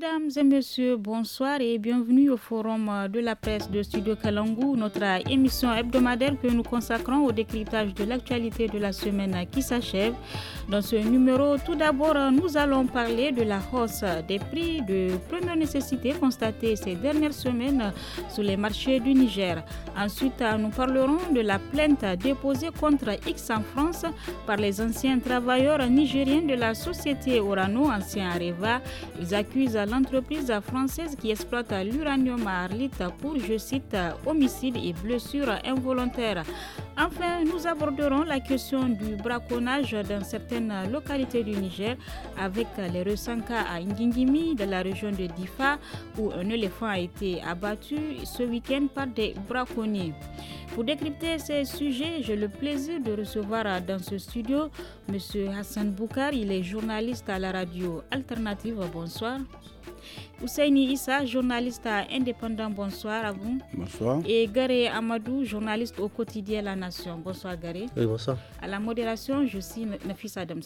Mesdames et messieurs, bonsoir et bienvenue au forum euh, de la presse de Studio Kalangu, notre euh, émission hebdomadaire que nous consacrons au décryptage de l'actualité de la semaine euh, qui s'achève. Dans ce numéro, tout d'abord, nous allons parler de la hausse des prix de première nécessité constatée ces dernières semaines sur les marchés du Niger. Ensuite, nous parlerons de la plainte déposée contre X en France par les anciens travailleurs nigériens de la société Orano, ancien Areva. Ils accusent l'entreprise française qui exploite l'uranium à Arlit pour, je cite, homicide et blessures involontaires. Enfin, nous aborderons la question du braconnage dans certaines localités du Niger avec les récents cas à Ngingimi, de la région de Difa, où un éléphant a été abattu ce week-end par des braconniers. Pour décrypter ces sujets, j'ai le plaisir de recevoir dans ce studio M. Hassan Boukar. Il est journaliste à la radio Alternative. Bonsoir. Ousseini Issa, journaliste indépendant, bonsoir à vous. Bonsoir. Et Garé Amadou, journaliste au quotidien La Nation. Bonsoir Garé. Oui, bonsoir. À la modération, je suis Nafis Adam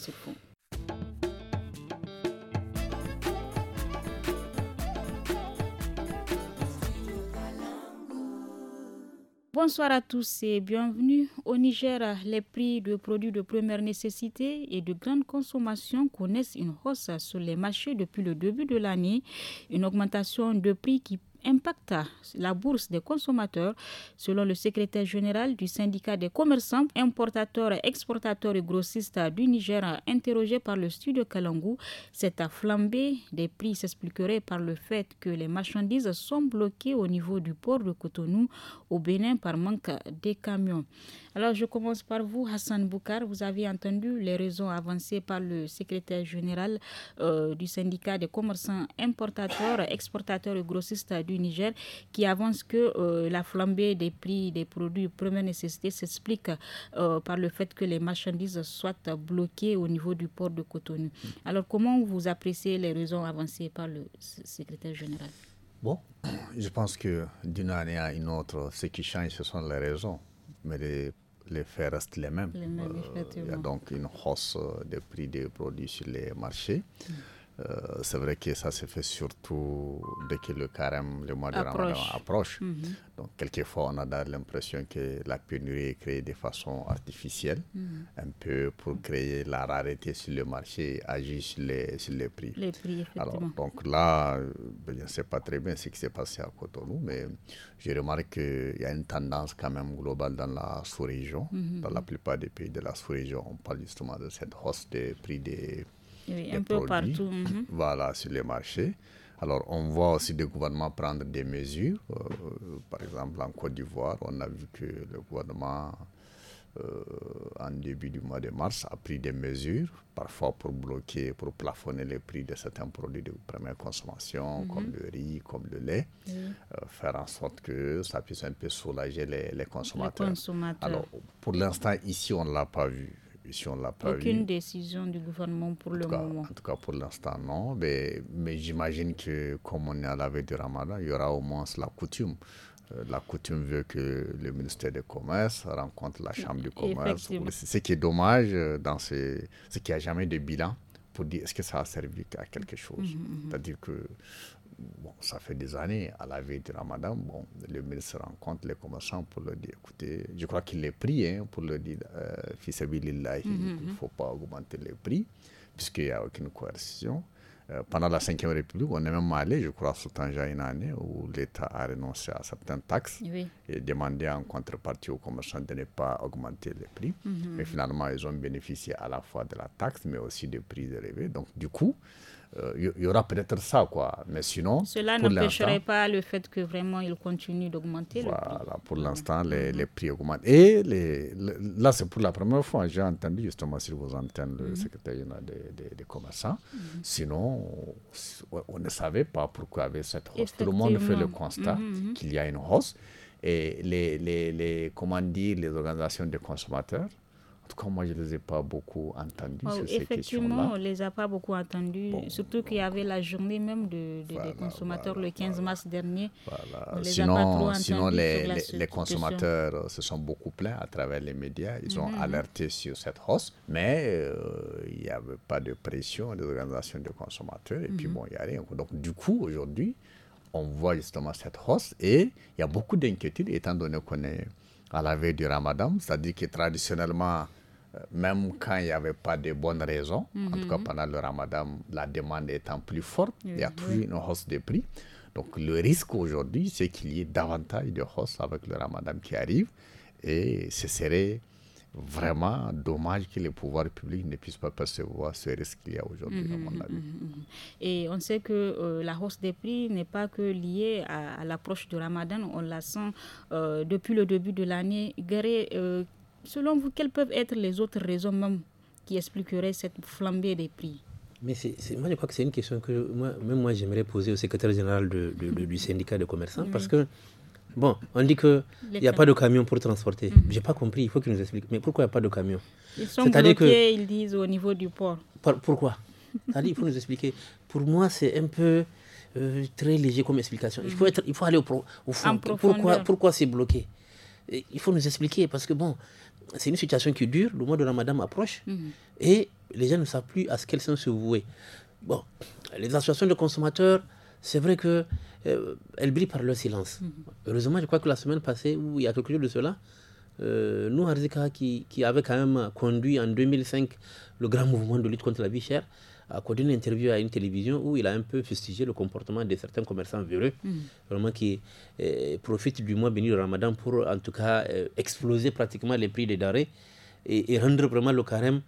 Bonsoir à tous et bienvenue. Au Niger, les prix de produits de première nécessité et de grande consommation connaissent une hausse sur les marchés depuis le début de l'année, une augmentation de prix qui impacta la bourse des consommateurs. Selon le secrétaire général du syndicat des commerçants, importateurs, exportateurs et grossistes du Niger, interrogé par le studio Kalangou, cette flambée des prix s'expliquerait par le fait que les marchandises sont bloquées au niveau du port de Cotonou au Bénin par manque de camions. Alors, je commence par vous, Hassan Boukar. Vous avez entendu les raisons avancées par le secrétaire général euh, du syndicat des commerçants importateurs, exportateurs et grossistes du Niger qui avance que euh, la flambée des prix des produits de première nécessité s'explique euh, par le fait que les marchandises soient bloquées au niveau du port de Cotonou. Alors, comment vous appréciez les raisons avancées par le secrétaire général Bon, je pense que d'une année à une autre, ce qui change, ce sont les raisons. Mais les les faits restent les mêmes. Euh, il y a donc une hausse euh, des prix des produits sur les marchés. Mm. Euh, c'est vrai que ça se fait surtout dès que le carême, le mois de approche. Ramadan approche. Mhm. Donc, quelquefois, on a l'impression que la pénurie est créée de façon artificielle, mhm. un peu pour créer la rareté sur le marché et agir sur les, sur les prix. Les prix Alors, donc là, euh, je ne sais pas très bien ce qui s'est passé à Cotonou, mais je remarque qu'il y a une tendance quand même globale dans la sous-région. Mhm. Dans la plupart des pays de la sous-région, on parle justement de cette hausse des prix des un peu partout. Mhm. Voilà, sur les marchés. Alors, on voit aussi des gouvernements prendre des mesures. Euh, par exemple, en Côte d'Ivoire, on a vu que le gouvernement, euh, en début du mois de mars, a pris des mesures, parfois pour bloquer, pour plafonner les prix de certains produits de première consommation, mhm. comme le riz, comme le lait, euh, faire en sorte que ça puisse un peu soulager les, consommateurs. Les consommateurs. Alors, pour l'instant, ici, on ne l'a pas vu aucune décision du gouvernement pour le moment. En tout cas, pour l'instant, non. Mais, mais j'imagine que, comme on est à la veille du ramadan, il y aura au moins la coutume. Euh, la coutume veut que le ministère du Commerce rencontre la Chambre du Commerce. Ce qui est dommage, euh, dans c'est qu'il n'y a jamais de bilan pour dire est-ce que ça a servi à quelque chose. Mhm, mhm, mhm. C'est-à-dire que bon, ça fait des années, à la veille du ramadan, bon, le ministre rencontre les commerçants pour leur dire, écoutez, je crois qu'il les prie hein, pour le dire, euh, fils il mhm, ne mhm. faut pas augmenter les prix, puisqu'il n'y a aucune coercition. Euh, pendant la Ve République, on est même allé, je crois, sous Tanja, une année où l'État a renoncé à certaines taxes et demandé en contrepartie aux commerçants de ne pas augmenter les prix. Mais mhm. finalement, ils ont bénéficié à la fois de la taxe, mais aussi des prix élevés. Donc, du coup, il euh, y aura peut-être ça, quoi. Mais sinon. Cela n'empêcherait pas le fait que vraiment il continue d'augmenter. prix. pour l'instant, les, prix augmentent. Et là, c'est pour la première fois, j'ai entendu justement sur vos antennes le mhm. secrétaire des, des, des commerçants. Mhm. Sinon, on ne savait pas pourquoi il y avait cette hausse. Tout le monde fait le constat mhm, qu'il y a une hausse. Et les, les, comment dire, les organisations de consommateurs en tout cas, moi, je ne les ai pas beaucoup entendus. Oh, effectivement, on ne les a pas beaucoup entendus, surtout qu'il y avait la journée même de, des consommateurs le 15 mars dernier. sinon, sinon les, les, consommateurs euh, se sont beaucoup plaints à travers les médias. Ils ont mhm. alerté sur cette hausse, mais euh, il n'y avait pas de pression des organisations de consommateurs. Et puis, mhm. bon, il n'y a rien. Donc, du coup, aujourd'hui, on voit justement cette hausse et il y a beaucoup d'inquiétudes étant donné qu'on est à la veille du ramadan, c'est-à-dire que traditionnellement, euh, même quand il n'y avait pas de bonnes raisons, en tout cas mhm. pendant le ramadan, la demande étant plus forte, il y a toujours une hausse des prix. Donc le risque aujourd'hui, c'est qu'il y ait davantage de hausse avec le ramadan qui arrive et ce serait vraiment dommage que les pouvoirs publics ne puissent pas percevoir ce risque qu'il y a aujourd'hui, dans à mon mmh, mmh, mmh, et on sait que euh, la hausse des prix n'est pas que liée à, l'approche du ramadan. On la sent euh, depuis le début de l'année. Euh, selon vous, quelles peuvent être les autres raisons même qui expliqueraient cette flambée des prix mais moi, je crois que c'est une question que moi, même moi, j'aimerais poser au secrétaire général du syndicat de commerçants parce que Bon, on dit qu'il n'y a pas de camion pour transporter. Je mm. n'ai J'ai pas compris, il faut qu'ils nous expliquent. Mais pourquoi il n'y a pas de camion Ils sont bloqués, que... ils disent, au niveau du port. pourquoi dit, il faut nous expliquer. Pour moi, c'est un peu euh, très léger comme explication. Il faut, mm. être, il faut aller au, fond. Pourquoi, pourquoi c'est bloqué Il faut nous expliquer parce que, bon, c'est une situation qui dure, le mois de Ramadan approche, mm. et les gens ne savent plus à ce qu'elles sont se vouer. Bon, les associations de consommateurs c'est vrai que euh, elle brille par le silence. Mhm. Heureusement, je crois que la semaine passée, où il y a quelque chose de cela, euh, nous, Harzika, qui, avait quand même conduit en 2005 le grand mouvement de lutte contre la vie chère, a conduit une interview à une télévision où il a un peu fustigé le comportement de certains commerçants véreux, mhm. vraiment qui euh, profitent du mois béni de Ramadan pour en tout cas exploser pratiquement les prix des darés et, rendre vraiment le carême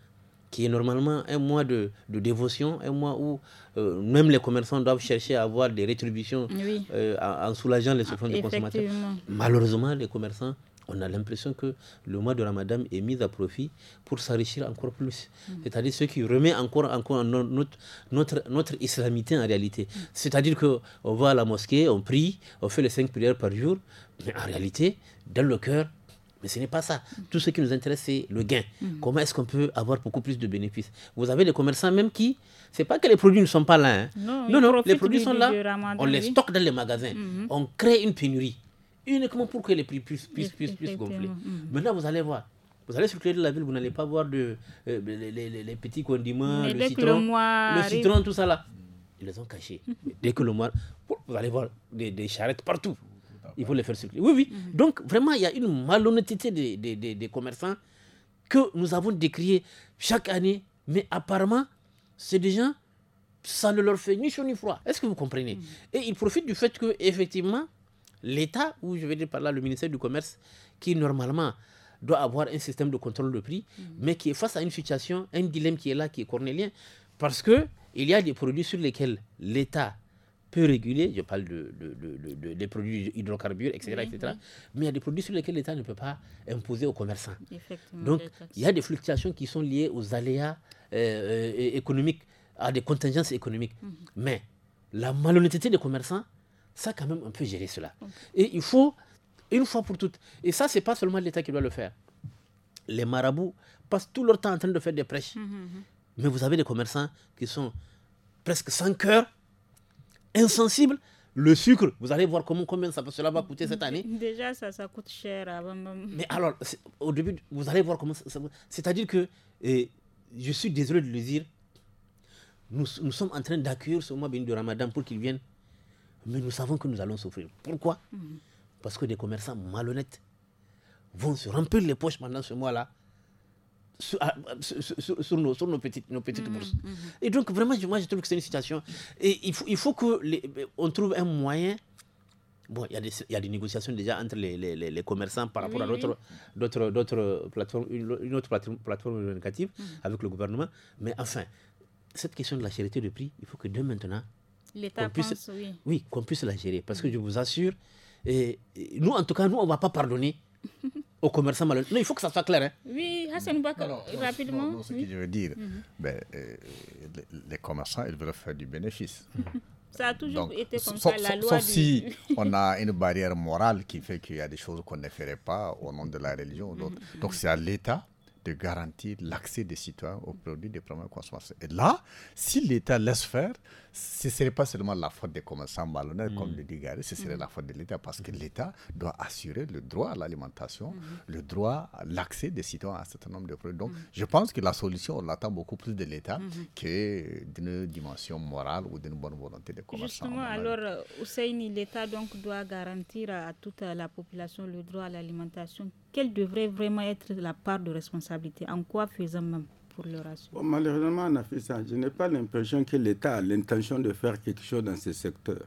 qui est normalement un mois de, de dévotion, un mois où euh, même les commerçants doivent chercher à avoir des rétributions euh, en, soulageant les souffrances des consommateurs. Malheureusement, les commerçants, on a l'impression que le mois de Ramadan est mis à profit pour s'enrichir encore plus. Mm. C'est-à-dire ce qui remet encore, encore notre, notre, notre islamité en réalité. Mm. C'est-à-dire qu'on va à la mosquée, on prie, on fait les cinq prières par jour, mais en réalité, dans le cœur, mais ce n'est pas ça. Tout ce qui nous intéresse, c'est le gain. Mhm. Comment est-ce qu'on peut avoir beaucoup plus de bénéfices Vous avez les commerçants même qui, c'est pas que les produits ne sont pas là. Hein. Non, non, les produits sont là. On les stocke dans les magasins. Mhm. On crée une pénurie uniquement pour que les prix puissent, gonfler. Mhm. Maintenant, vous allez voir, vous allez sur circuler de la ville, vous n'allez pas voir euh, les, petits condiments, le citron, le, citron, tout ça là. Ils les ont cachés. dès que le mois, vous allez voir des charrettes partout. Il faut les faire circuler. Oui, oui. Mhm. Donc, vraiment, il y a une malhonnêteté des, commerçants que nous avons décrié chaque année. Mais apparemment, c'est des gens, ça ne leur fait ni chaud ni froid. Est-ce que vous comprenez mhm. Et ils profitent du fait que, effectivement, l'État, ou je vais dire par là le ministère du Commerce, qui normalement doit avoir un système de contrôle de prix, mhm. mais qui est face à une situation, un dilemme qui est là, qui est cornélien, parce qu'il y a des produits sur lesquels l'État peu réguler, je parle de, des produits hydrocarbures, etc., etc. mais il y a des produits sur lesquels l'État ne peut pas imposer aux commerçants. Donc, il y a des fluctuations qui sont liées aux aléas euh, euh, économiques, à des contingences économiques. Mhm. Mais la malhonnêteté des commerçants, ça, quand même, on peut gérer cela. Et il faut, une fois pour toutes, et ça, c'est pas seulement l'État qui doit le faire. Les marabouts passent tout leur temps en train de faire des prêches. Mhm, mhm. Mais vous avez des commerçants qui sont presque sans cœur insensible, le sucre, vous allez voir comment, combien ça, cela va coûter cette année. Déjà, ça, ça coûte cher hein, Mais alors, au début, vous allez voir comment ça, va. C'est-à-dire que, et, je suis désolé de le dire, nous, nous sommes en train d'accueillir ce mois de Ramadan pour qu'il vienne, mais nous savons que nous allons souffrir. Pourquoi mhm. Parce que des commerçants malhonnêtes vont se remplir les poches pendant ce mois-là sur, ah, sur, nos, sur, nos, petites, nos petites mm-hmm, bourses. Mm-hmm. Et donc, vraiment, moi, je trouve que c'est une situation. Et il faut, il faut que on trouve un moyen. Bon, il y, y, a des négociations déjà entre les, les, les commerçants par rapport à d'autres d'autres plateformes, une, autre plateforme, éducative mm-hmm. avec le gouvernement. Mais enfin, cette question de la charité de prix, il faut que dès maintenant, l'État puisse, oui, qu'on puisse la gérer. Parce que mm. je vous assure, et, nous, en tout cas, nous, on ne va pas pardonner aux commerçants malheureux. Non, il faut que ça soit clair. Hein. Oui, Hassan Bakar, rapidement. Non, ce que je veux dire, mhm. ben, euh, les, commerçants, ils veulent faire du bénéfice. ça a toujours été comme ça, la loi. Sauf si on a une barrière morale qui fait qu'il y a des choses qu'on ne ferait pas au nom de la religion. Ou mhm. Donc, c'est à l'État de garantir l'accès des citoyens aux produits de première consommation. Et là, si l'État laisse faire, ce ne serait pas seulement la faute des commerçants malhonnêtes, comme le mm. dit Gary, ce serait mm. la faute de l'État, parce que mm. l'État doit assurer le droit à l'alimentation, le droit à l'accès des citoyens à un certain nombre de produits. Donc, je pense que la solution, on l'attend beaucoup plus de l'État mm-hmm. que d'une dimension morale ou d'une bonne volonté des commerçants. Justement, alors, Ousseini, euh, l'État donc doit garantir à toute la population le droit à l'alimentation quelle devrait vraiment être la part de responsabilité En quoi faisons-nous pour le rassurer a fait ça. je n'ai pas l'impression que l'État a l'intention de faire quelque chose dans ce secteur.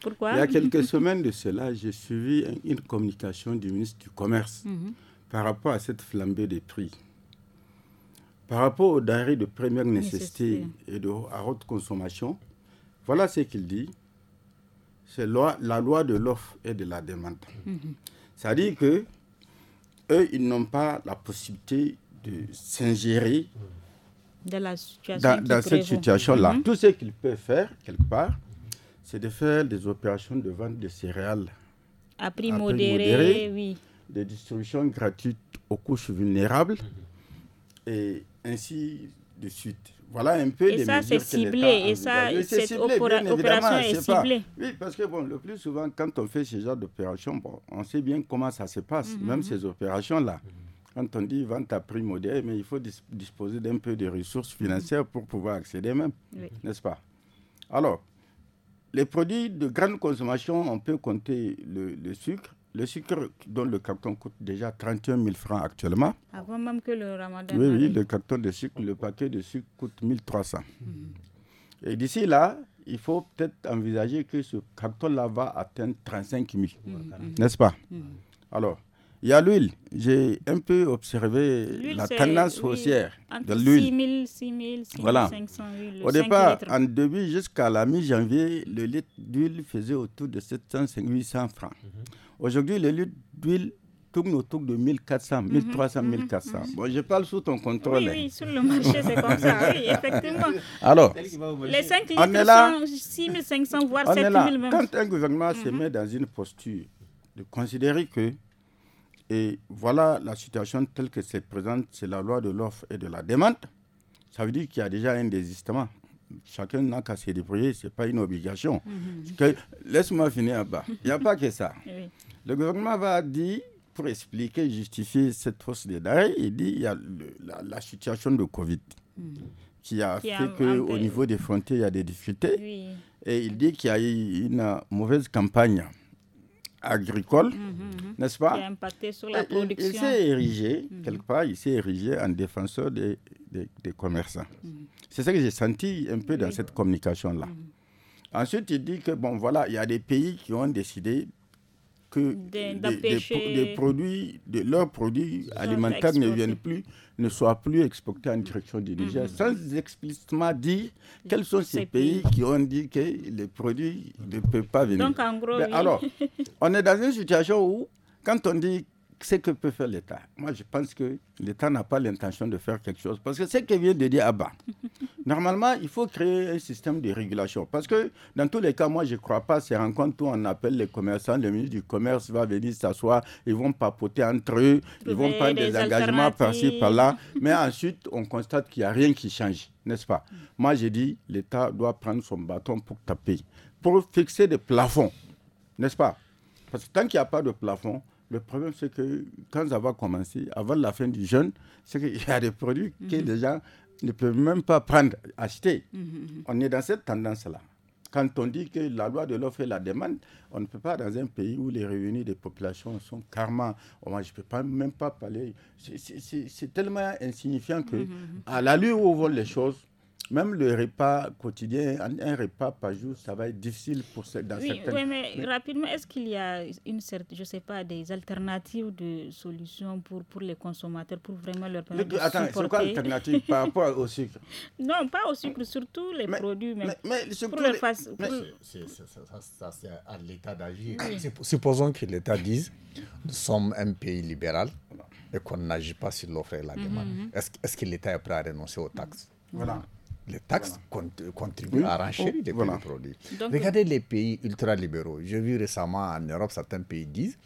Pourquoi Il y a quelques semaines de cela, j'ai suivi une communication du ministre du Commerce mhm. par rapport à cette flambée des prix. Par rapport aux denrées de première nécessité, et de, à haute consommation, voilà ce qu'il dit. C'est la loi de l'offre et de la demande. Mhm. Ça dit que eux, ils n'ont pas la possibilité de s'ingérer dans, cette situation-là. Mhm. Tout ce qu'ils peuvent faire, quelque part, c'est de faire des opérations de vente de céréales à prix, modéré, de oui. gratuite aux couches vulnérables. Et ainsi, de suite. Voilà un peu et les ça, mesures ciblé, Et ça, c'est ciblé. opération est ciblée. Oui, parce que bon, le plus souvent, quand on fait ce genre d'opération, bon, on sait bien comment ça se passe, mhm. même ces opérations-là. Quand on dit vente à prix modéré, mais il faut disposer d'un peu de ressources financières pour pouvoir accéder même, n'est-ce pas Alors, les produits de grande consommation, on peut compter le sucre, le sucre dont le carton coûte déjà 31 000 francs actuellement. Avant même que le ramadan. Oui, oui, le carton de sucre, le paquet de sucre coûte 1300. 300. Et d'ici là, il faut peut-être envisager que ce carton-là va atteindre 35 000. Mmh. Mmh. N'est-ce pas mmh. Alors, il y a l'huile. J'ai un peu observé la tendance haussière de l'huile. 6 000, 6 000, 6 voilà. 500 Au départ, en début jusqu'à la mi-janvier, le litre d'huile faisait autour de 700, 800 francs. Aujourd'hui, les luttes d'huile tournent autour de 1400, 1300, 1400. Bon, je parle sous ton contrôle. Oui, oui sur le marché, c'est comme ça. Oui, effectivement. Alors, les 5 litres on est voire 7000 Quand un gouvernement se mhm. met dans une posture de considérer que et voilà la situation telle que se présente, c'est la loi de l'offre et de la demande, ça veut dire qu'il y a déjà un désistement chacun n'a qu'à se débrouiller, ce n'est pas une obligation. Mhm. Laisse-moi finir là bas. Il n'y a pas que ça. Le gouvernement va dire, pour expliquer, justifier cette hausse des délais, il dit il y a la, situation de Covid mhm. qui a fait qu'au niveau des frontières, il y a des difficultés. Et il dit qu'il y a eu une mauvaise campagne agricole, mhm, mhm. n'est-ce pas euh, euh, Il, s'est érigé, mhm. quelque part, il s'est érigé en défenseur des, des, commerçants. C'est ça que j'ai senti un peu dans cette communication-là. Ensuite, il dit que, bon, voilà, il y a des pays qui ont décidé que produits, leurs produits alimentaires ne viennent plus, ne soient plus exportés en direction du mm-hmm. Niger, sans explicitement dire quels sont ces pays, qui ont dit que les produits ne peuvent pas venir. Alors, on est dans une situation où, quand on dit ce que peut faire l'État Moi, je pense que l'État n'a pas l'intention de faire quelque chose. Parce que ce que vient de dire Abba, normalement, il faut créer un système de régulation. Parce que dans tous les cas, moi, je ne crois pas ces rencontres où on appelle les commerçants, le ministre du Commerce va venir s'asseoir, ils vont papoter entre eux, ils vont prendre des, engagements par-ci, par-là. Mais ensuite, on constate qu'il n'y a rien qui change, n'est-ce pas mm. Moi, j'ai dit, l'État doit prendre son bâton pour taper, pour fixer des plafonds, n'est-ce pas Parce que tant qu'il n'y a pas de plafond, le problème, c'est que quand ça va commencer, avant la fin du jeûne, c'est qu'il y a des produits que mhm. les gens ne peuvent même pas prendre, acheter. Mhm, mhm. On est dans cette tendance-là. Quand on dit que la loi de l'offre et la demande, on ne peut pas dans un pays où les revenus des populations sont carrément... Oh, je ne peux pas, même pas parler. C'est tellement insignifiant que, à la lueur où vont les choses, même le repas quotidien, un, repas par jour, ça va être difficile pour ce, dans oui, Oui, mais, rapidement, est-ce qu'il y a une certaine, je sais pas, des alternatives de solutions pour, pour les consommateurs, pour vraiment leur permettre le, de Attends, supporter... c'est quoi l'alternative par rapport au sucre Non, pas au sucre, surtout les produits. Mais, pour les... ça, c'est à l'État d'agir. Supposons que l'État dise, nous sommes un pays libéral et qu'on n'agit pas sur l'offre et la mhm, demande. Mhm. Est-ce que l'État est prêt à renoncer aux taxes Voilà les taxes contribuent à renchérir oh, les produits. Regardez euh, les pays ultra-libéraux. J'ai vu récemment en Europe, certains pays disent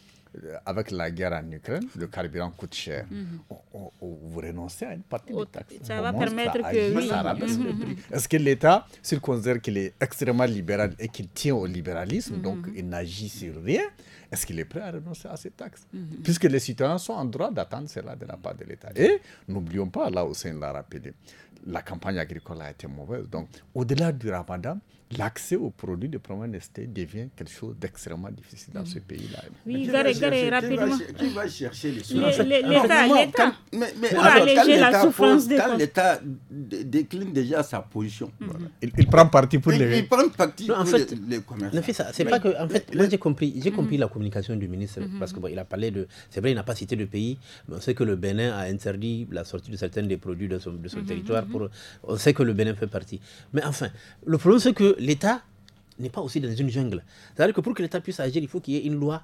euh, avec la guerre en Ukraine, le carburant coûte cher. Mhm. Oh, oh, vous renoncez à une partie des taxes. Ça va permettre que. Est-ce que l'État, s'il considère qu'il est extrêmement libéral et qu'il tient au libéralisme, donc mhm. il n'agit sur rien, est-ce qu'il est prêt à renoncer à ces taxes mhm. Puisque les citoyens sont en droit d'attendre cela de la part de l'État. Et n'oublions pas, là aussi, de l'a rappelé, la campagne agricole a été mauvaise. Donc, au-delà du ramadan, l'accès aux produits de première nécessité devient quelque chose d'extrêmement difficile dans mm. ce pays-là. Oui, va Qui va chercher les souffrances L'État, Pour alléger la souffrance des Quand l'État décline déjà sa position, mm-hmm. il, prend parti pour les... Il prend parti pour les commerçants. c'est pas que... En fait, moi j'ai compris, j'ai mm-hmm. compris la communication du ministre, mm-hmm. parce qu'il a parlé de... C'est vrai, il n'a pas cité de pays, mais on sait que le Bénin a interdit la sortie de certains des produits de son, territoire. Pour, on sait que le Bénin fait partie. Mais enfin, le problème c'est que l'État n'est pas aussi dans une jungle. C'est-à-dire que pour que l'État puisse agir, il faut qu'il y ait une loi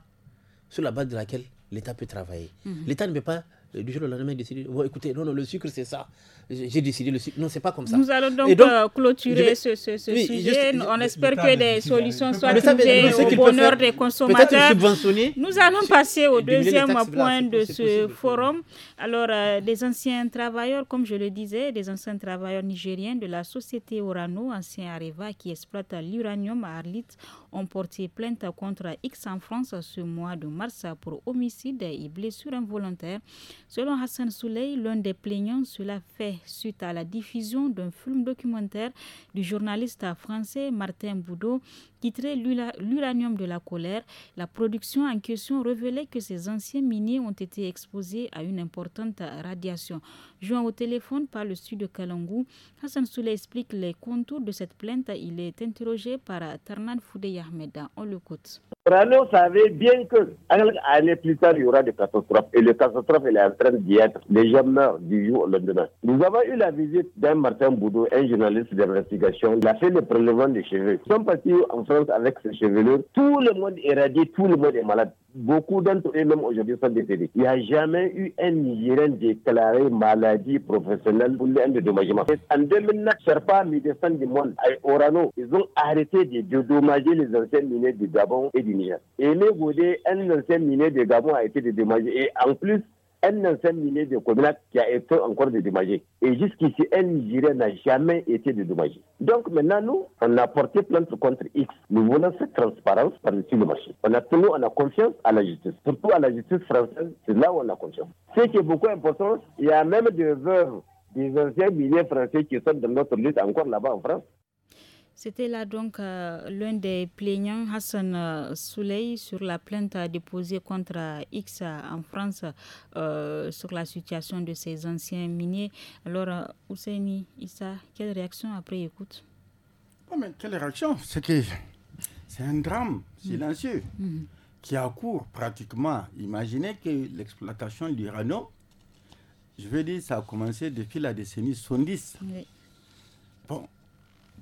sur la base de laquelle l'État peut travailler. Mhm. L'État ne peut pas le sucre, c'est ça. J'ai décidé le sucre. Non, c'est pas comme ça. Nous allons donc, euh, clôturer ce, sujet. on espère que des solutions soient trouvées au bonheur des consommateurs. Nous allons passer au deuxième point de ce forum. Alors, euh, des anciens travailleurs, comme je le disais, des anciens travailleurs nigériens de la société Orano, ancien Areva, qui exploite l'uranium à Arlit, ont porté plainte contre X en France ce mois de mars pour homicide et blessure involontaire. Selon Hassan Souley, l'un des plaignants, cela fait suite à la diffusion d'un film documentaire du journaliste français Martin Boudot titré L'uranium de la colère. La production en question révélait que ces anciens miniers ont été exposés à une importante radiation. Joint au téléphone par le sud de Kalangou, Hassan Souley explique les contours de cette plainte. Il est interrogé par Tarnan Foudeya Ahmeda. On l'écoute. Rano savait bien que année plus tard, il y aura des catastrophes. Et les catastrophes, elle est en train d'y être. Les gens du jour au lendemain. Nous avons eu la visite d'un Martin Boudou, un journaliste d'investigation. Il a fait le prélèvement des cheveux. Ils sont partis en France avec ses chevelures. Tout le monde est radié, tout le monde est malade. Beaucoup d'entre eux, même aujourd'hui, sont décédés. Il n'y a jamais eu un Nigérien déclaré maladie professionnelle pour un dédommagement. En 2009, Sherpa, Midestan du Monde, Orano, ils ont arrêté de dédommager les anciens miniers du Gabon et du Niger. Et les Goudé, un ancien minier du Gabon a été dédommagé. Et en plus, un ancien millier de communes qui a été encore dédommagé. Et jusqu'ici, un Nigérien n'a jamais été dédommagé. Donc maintenant, nous, on a porté plainte contre X. Nous voulons cette transparence par-dessus le marché. On a tenu, on a confiance à la justice. Surtout à la justice française, c'est là où on a confiance. Ce qui est beaucoup important, il y a même des heures des anciens milliers français qui sont dans notre lutte encore là-bas en France, c'était là donc euh, l'un des plaignants, Hassan euh, Souley, sur la plainte euh, déposée contre X en France sur la situation de ces anciens miniers. Alors, Ousseini Issa, quelle réaction après écoute Quelle réaction c'est un drame silencieux mm. Mm. qui a cours pratiquement. Imaginez que l'exploitation du rano, je veux dire, ça a commencé depuis la décennie 70. Oui. Bon,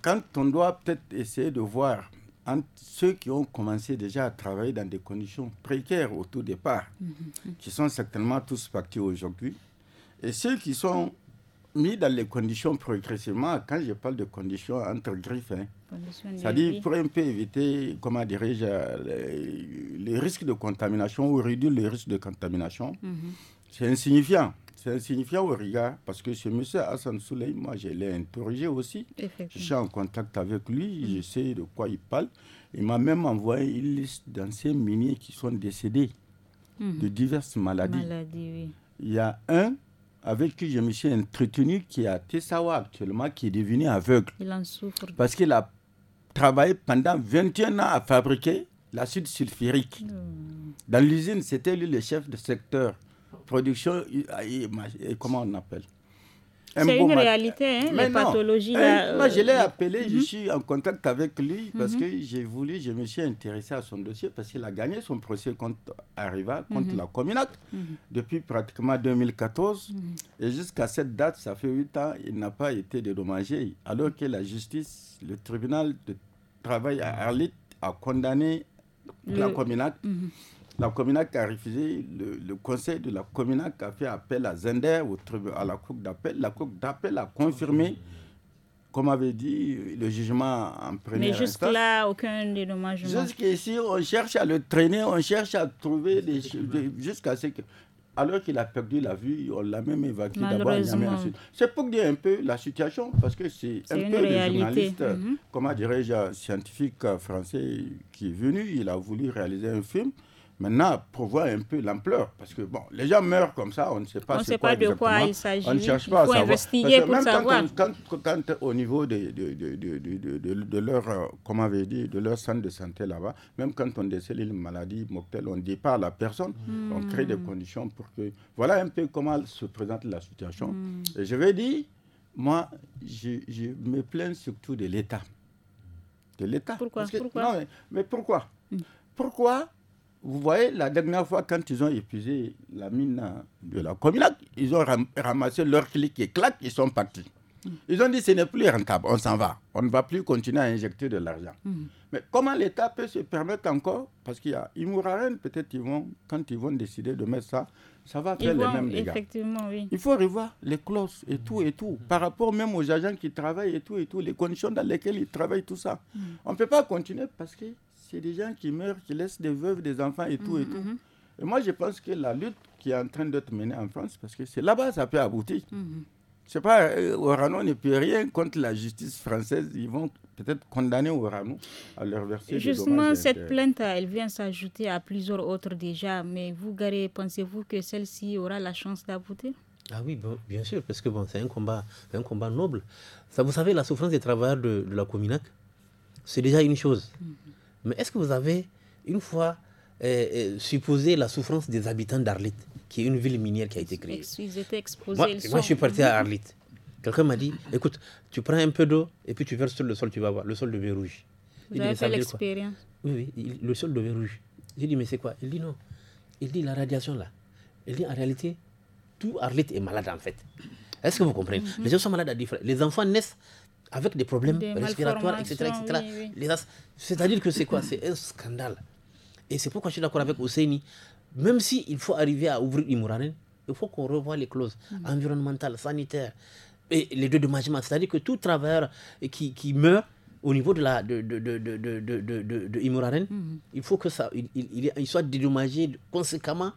quand on doit peut-être essayer de voir entre ceux qui ont commencé déjà à travailler dans des conditions précaires au tout départ, mhm. qui sont certainement tous partis aujourd'hui, et ceux qui sont mis dans les conditions progressivement, quand je parle de conditions entre griffes, hein, c'est-à-dire pour un peu éviter, comment dirais-je, les, risques de contamination ou réduire les risques de contamination, mhm. C'est insignifiant. C'est insignifiant au regard, parce que ce monsieur Hassan Souley, moi, je l'ai interrogé aussi. Je suis en contact avec lui, mm. je sais de quoi il parle. Il m'a même envoyé une liste d'anciens miniers qui sont décédés mm-hmm. de diverses maladies. oui. Il y a un avec qui je me suis entretenu qui est à Tessawa actuellement, qui est devenu aveugle. Il en souffre. Parce qu'il a travaillé pendant 21 ans à fabriquer l'acide sulfurique. Mm. Dans l'usine, c'était lui le chef de secteur production, ah, comment on appelle C'est une réalité, hein, les pathologies. Hein, moi, je l'ai euh, appelé, je mhm. suis en contact avec lui mhm. parce que j'ai voulu, je me suis intéressé à son dossier parce qu'il a gagné son procès contre Arriva, mhm. contre la Communac depuis pratiquement 2014. Et jusqu'à cette date, ça fait 8 ans, il n'a pas été dédommagé. Alors que la justice, le tribunal de travail à Arlit a condamné la Communac la Cominac a refusé, le, conseil de la Cominac a fait appel à Zender, au, à la Cour d'appel. La Cour d'appel a confirmé comme avait dit, le jugement en première Mais jusque-là, aucun dédommagement. Jusqu'ici, on cherche à le traîner, on cherche à trouver Jusqu'à ce que... Alors qu'il a perdu la vue, on l'a même évacué d'abord C'est pour dire un peu la situation, parce que c'est un peu réalité. le journaliste, mm-hmm. comment dirais-je, scientifique euh, français qui est venu, il a voulu réaliser un film. Maintenant, pour voir un peu l'ampleur, parce que bon, les gens meurent comme ça, on ne sait pas. pas de quoi il s'agit. On ne cherche pas à savoir. Investiguer pour savoir. Quand, quand, au niveau de, de, de, de leur, euh, comment avait dit, de leur centre de santé là-bas, même quand on décèle une maladie mortelle, on ne dit pas à la personne. Hmm. On crée des conditions pour que. Voilà un peu comment se présente la situation. Hmm. Et je vais dire, moi, je, je me plains surtout de l'État. De l'État. Pourquoi, Non, mais, pourquoi hmm. Pourquoi vous voyez, la dernière fois, quand ils ont épuisé la mine de la commune, ils ont ramassé leur clic et clac, ils sont partis. Mm. Ils ont dit ce n'est plus rentable, on s'en va. On ne va plus continuer à injecter de l'argent. Mm. Mais comment l'État peut se permettre encore Parce qu'il y a Imouraren, peut-être ils vont, quand ils vont décider de mettre ça, ça va faire les mêmes dégâts. Oui. Il faut revoir les clauses et tout et tout, mm. par rapport même aux agents qui travaillent et tout et tout, les conditions dans lesquelles ils travaillent, tout ça. On ne peut pas continuer parce que c'est des gens qui meurent, qui laissent des veuves, des enfants et tout et mhm, tout. Mhm. Et moi, je pense que la lutte qui est en train d'être menée en France, parce que c'est là-bas ça peut aboutir. ne mhm. sais pas euh, Orano ne peut rien contre la justice française. Ils vont peut-être condamner Orano à leur verser. Justement, cette plainte, elle vient s'ajouter à plusieurs autres déjà. Mais vous, Garé, pensez-vous que celle-ci aura la chance d'aboutir ah oui, bien sûr, parce que bon, c'est un combat, un combat noble. Ça, vous savez, la souffrance des travailleurs de, la Cominac, c'est déjà une chose. Mais est-ce que vous avez, une fois, euh, euh, supposé la souffrance des habitants d'Arlit, qui est une ville minière qui a été créée Ils étaient exposés. Moi, je suis parti à Arlit. Quelqu'un m'a dit écoute, tu prends un peu d'eau et puis tu verses sur le sol, tu vas voir. Le sol devient rouge. Vous avez fait l'expérience Oui, oui, le sol devient rouge. J'ai dit mais c'est quoi Il dit non. Il dit la radiation là. Il dit en réalité, tout Arlit est malade en fait. Est-ce que vous comprenez mhm. Les gens sont malades à différents. Les enfants naissent avec des problèmes respiratoires, etc. etc. C'est-à-dire que c'est quoi C'est un scandale. Et c'est pourquoi je suis d'accord avec Ousseini. Même s'il il faut arriver à ouvrir Imourane, il faut qu'on revoie les clauses mm. environnementales, sanitaires et les dédommagements. C'est-à-dire que tout travailleur qui, qui meurt au niveau de la de, de, de, de, de mm. il faut que ça il, il, soit dédommagé conséquemment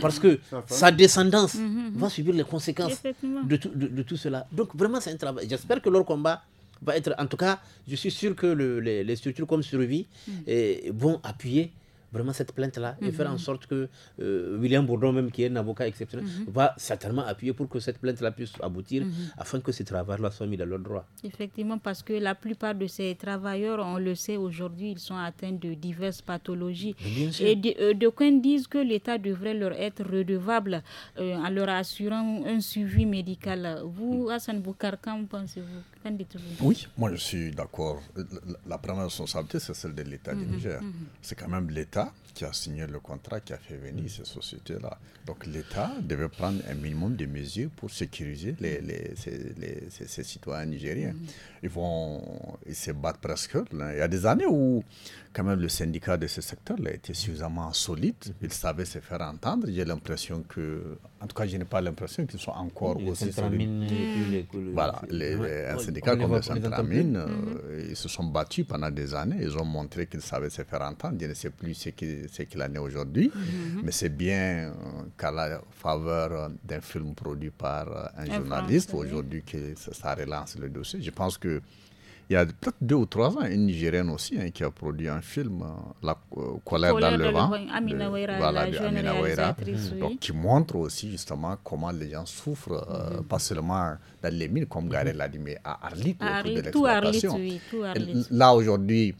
parce que sa descendance mm, va subir les conséquences de de, tout cela. Donc vraiment, c'est un travail. J'espère que leur combat être, en tout cas, je suis sûr que les, structures comme Survie hmm. eh, vont appuyer vraiment cette plainte-là et mhm. faire en sorte que euh, William Bourdon, même qui est un avocat exceptionnel, mhm. va certainement appuyer pour que cette plainte-là puisse aboutir mhm. afin que ces travailleurs-là soient mis dans leur droit. Effectivement, parce que la plupart de ces travailleurs, on le sait aujourd'hui, ils sont atteints de diverses pathologies. Et de, euh, de disent que l'État devrait leur être redevable euh, en leur assurant un suivi médical. Vous, mm. Hassan Boukar, qu'en pensez-vous Oui, moi je suis d'accord. La, première responsabilité, c'est celle de l'État du mm-hmm. Niger. Mm-hmm. C'est quand même l'État ça qui a signé le contrat, qui a fait venir ces sociétés-là. Donc l'État devait prendre un minimum de mesures pour sécuriser les, les, ces, citoyens nigériens. Ils vont se battent presque. Il y a des années où quand même le syndicat de ce secteur là, était suffisamment solide. Il savait se faire entendre. J'ai l'impression que, en tout cas, je n'ai pas l'impression qu'ils soient encore aussi solides. Voilà, les, un syndicat comme le Centramine, euh, ils se sont battus pendant des années. Ils ont montré qu'ils savaient se faire entendre. Je ne sais plus ce qui ce qu'il en est aujourd'hui. Mhm, mhm. Mais c'est bien euh, qu'à la faveur euh, d'un film produit par euh, un, un journaliste aujourd'hui que ça relance le dossier. Je pense que il y a peut-être deux ou trois ans, une Nigérienne aussi hein, qui a produit un film, euh, La euh, colère, dans le vent, Amina qui montre aussi justement comment les gens souffrent, euh, mhm. pas seulement dans les mines, comme mhm. Garel l'a dit, mais à Arlit, de tout oui, tout Là, aujourd'hui,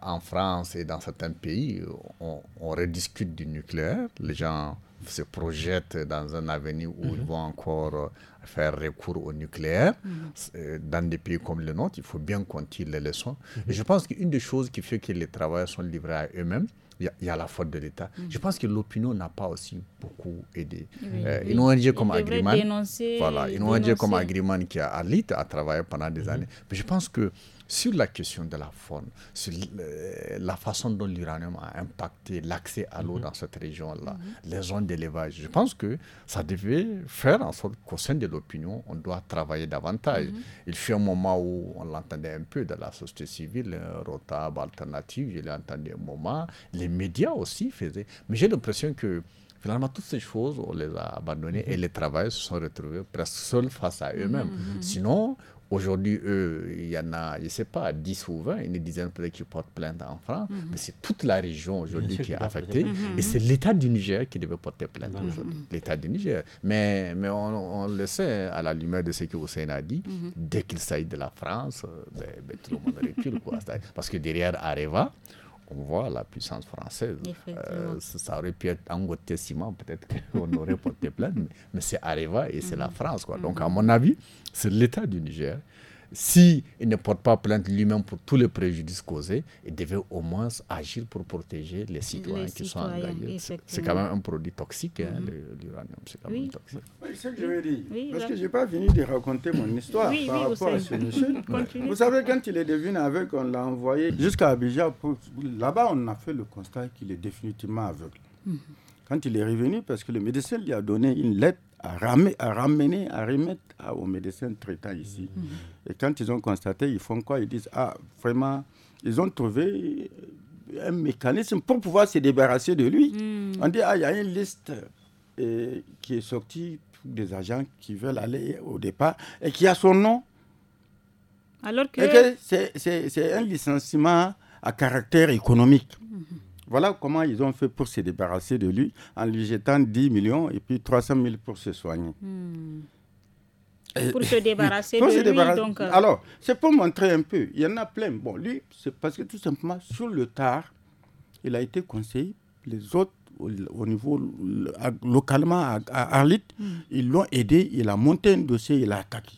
en France et dans certains pays, on, on rediscute du nucléaire. Les gens se projettent dans un avenir où ils vont encore faire recours au nucléaire, mhm. euh, dans des pays comme le nôtre, il faut bien qu'on tire les leçons. Mhm. Et je pense qu'une des choses qui fait que les travailleurs sont livrés à eux-mêmes, il y, a la faute de l'État. Mhm. Je pense que l'opinion n'a pas aussi beaucoup aidé. Euh, ils euh, Une comme Agriman, voilà, une comme Agriman qui a Alit a travaillé pendant des années. Mais je pense que sur la question de la faune, sur la façon dont l'uranium a impacté l'accès à l'eau mhm. dans cette région-là, mhm. les zones d'élevage. Je pense que ça devait faire en sorte qu'au sein de l'opinion, on doit travailler davantage. Mhm. Il fut un moment où on l'entendait un peu de la société civile, hein, Rotab, Alternative, je l'ai entendu un moment. Les médias aussi faisaient. Mais j'ai l'impression que finalement, toutes ces choses, on les a abandonnées et les travailleurs se sont retrouvés presque seuls face à eux-mêmes. Sinon, Aujourd'hui, eux, il y en a, je ne sais pas, 10 ou 20, une dizaine peut-être qui portent plainte en France, mhm. mais c'est toute la région aujourd'hui qui est affectée. Et mhm. c'est l'État du Niger qui devait porter plainte aujourd'hui, mhm. l'État du Niger. Mais, mais on, le sait, à la lumière de ce que Hussein a dit, dès qu'il s'agit de la France, euh, ben, ben, tout le monde recule. Parce que derrière Areva, on voit la puissance française. Euh, ça aurait pu être Angoté Ciment, peut-être qu'on aurait porté plainte, mais, c'est Areva et c'est la mhm. France. Quoi. Donc, mhm. à mon avis, c'est l'État du Niger si il ne porte pas plainte lui-même pour tous les préjudices causés, il devait au moins agir pour protéger les citoyens qui sont en danger. C'est quand même un produit toxique, hein, mhm. l'uranium. C'est quand même toxique. c'est ce que je veux dire. Parce que je n'ai pas fini de raconter mon histoire par rapport à ce monsieur. vous savez, quand il est devenu aveugle, on l'a envoyé jusqu'à Abidjan. Là-bas, on a fait le constat qu'il est définitivement aveugle. Mhm. Quand il est revenu, parce que le médecin lui a donné une lettre à, ramener, à, remettre aux médecins traitants ici. Mhm. Et quand ils ont constaté, ils font quoi Ils disent, ah, vraiment, ils ont trouvé euh, un mécanisme pour pouvoir se débarrasser de lui. Mhm. On dit, ah, il y a une liste euh, qui est sortie des agents qui veulent aller au départ et qui a son nom. Alors que... c'est un licenciement à caractère économique. Mhm. Voilà comment ils ont fait pour se débarrasser de lui en lui jetant 10 millions et puis 300 000 pour se soigner. Hmm. pour se débarrasser de lui. Donc, euh, Alors, c'est pour montrer un peu. Il y en a plein. Bon, lui, c'est parce que tout simplement, sur le tard, il a été conseillé. Les autres, au, niveau localement à, Arlit, hmm. ils l'ont aidé. Il a monté un dossier, il a attaqué.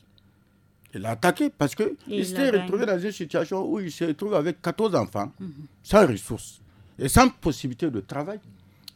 Il a attaqué parce qu'il s'est retrouvé dans une situation où il se retrouve avec 14 enfants, hmm. sans ressources et sans possibilité de travail.